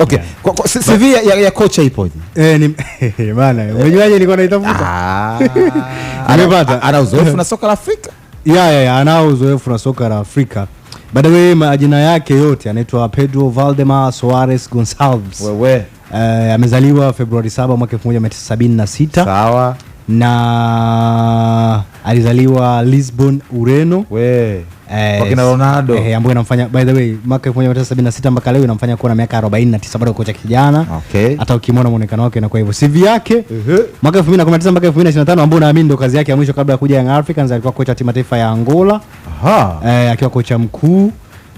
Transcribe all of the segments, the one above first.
Okay. Yeah. ya, ya kocha eh, eh, ah. Ana uzoefu na soka la Afrika? Yeah, yeah, yeah, ana uzoefu na soka la Afrika. majina yake yote anaitwa Pedro Valdemar Soares gonsalves Uh, amezaliwa Februari 7 mwaka 1976. Na alizaliwa Lisbon, Ureno. Wewe. Eh, wakina Ronaldo eh, ambayo inamfanya by the way mwaka 1976 mpaka leo inamfanya kuwa na miaka 49 bado kocha kijana. Okay, hata ukimwona muonekano wake inakuwa hivyo. CV yake uh -huh. mwaka 2019 mpaka 2025 ambao naamini ndo kazi yake ya mwisho kabla ya kuja Young Africans, alikuwa kocha timu taifa ya Angola. Aha, eh, akiwa kocha mkuu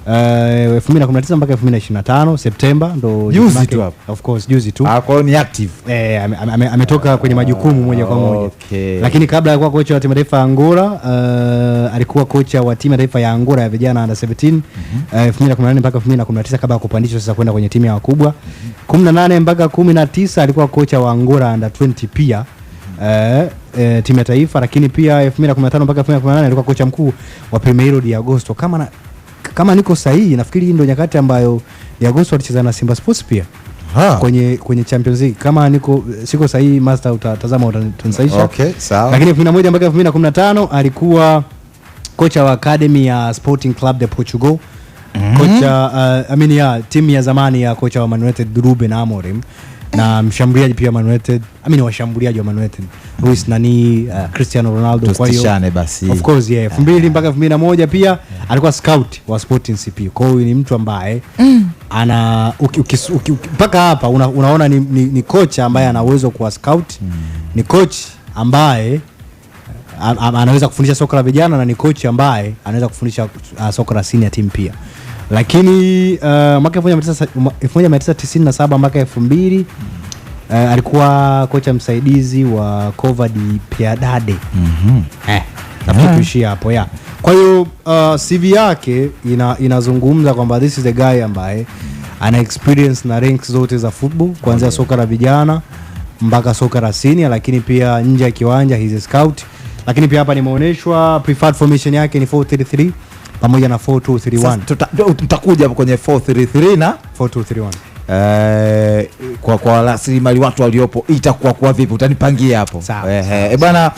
Eh, elfu mbili na kumi na tisa mpaka elfu mbili na ishirini na tano Septemba ndo juzi tu hapo, of course juzi tu. Ah, kwa hiyo ni active eh, ametoka ame, ame kwenye majukumu moja kwa moja okay. Lakini kabla ya kuwa kocha wa timu taifa ya Angola uh, alikuwa kocha wa timu taifa ya Angola ya vijana under 17 mhm. eh, elfu mbili na kumi na nane mpaka elfu mbili na kumi na tisa kabla ya kupandishwa sasa kwenda kwenye timu ya wakubwa mhm. kumi na nane mpaka kumi na tisa alikuwa kocha wa Angola under 20 pia Uh, uh, timu ya taifa lakini pia 2015 mpaka 2018 alikuwa kocha mkuu wa Primeiro de Agosto kama na, kama niko sahihi, nafikiri hii ndio nyakati ambayo Yagoso alicheza na Simba Sports pia Ha. Kwenye, kwenye Champions League kama niko siko sahihi, master utatazama utanisaisha. Okay, sawa. Lakini 2001 mpaka 2015 alikuwa kocha wa academy ya Sporting Club de Portugal mm -hmm. Uh, I mean ya timu ya zamani ya kocha wa Man United Ruben Amorim na mshambuliaji pia Man United, I mean washambuliaji wa Man United Luis Nani, uh, Cristiano Ronaldo. Kwa hiyo of course yeah, elfu yeah. mpaka 2001 pia yeah. pia alikuwa scout wa Sporting CP. Kwa hiyo ni mtu ambaye mm. ana mpaka hapa una, unaona ni, ni, ni kocha ambaye ana uwezo kuwa scout mm. Ni coach ambaye anaweza kufundisha soka la vijana na ni coach ambaye anaweza kufundisha uh, soka la senior team pia lakini uh, mwaka 1997 mwaka 2000 uh, alikuwa kocha msaidizi wa Covad Piadade mm -hmm. eh, eh. tuishia hapo ya kwa hiyo uh, CV yake ina, inazungumza kwamba this is the guy ambaye ana experience na ranks zote za football kuanzia okay. soka la vijana mpaka soka la senior, lakini pia nje ya kiwanja he's a scout, lakini pia hapa nimeonyeshwa preferred formation yake ni 433 pamoja na 4231. Tutakuja kwenye 433 na 4231. Eh, kwa kwa rasilimali watu waliopo itakuwa kwa vipi? Utanipangia hapo. Eh, bwana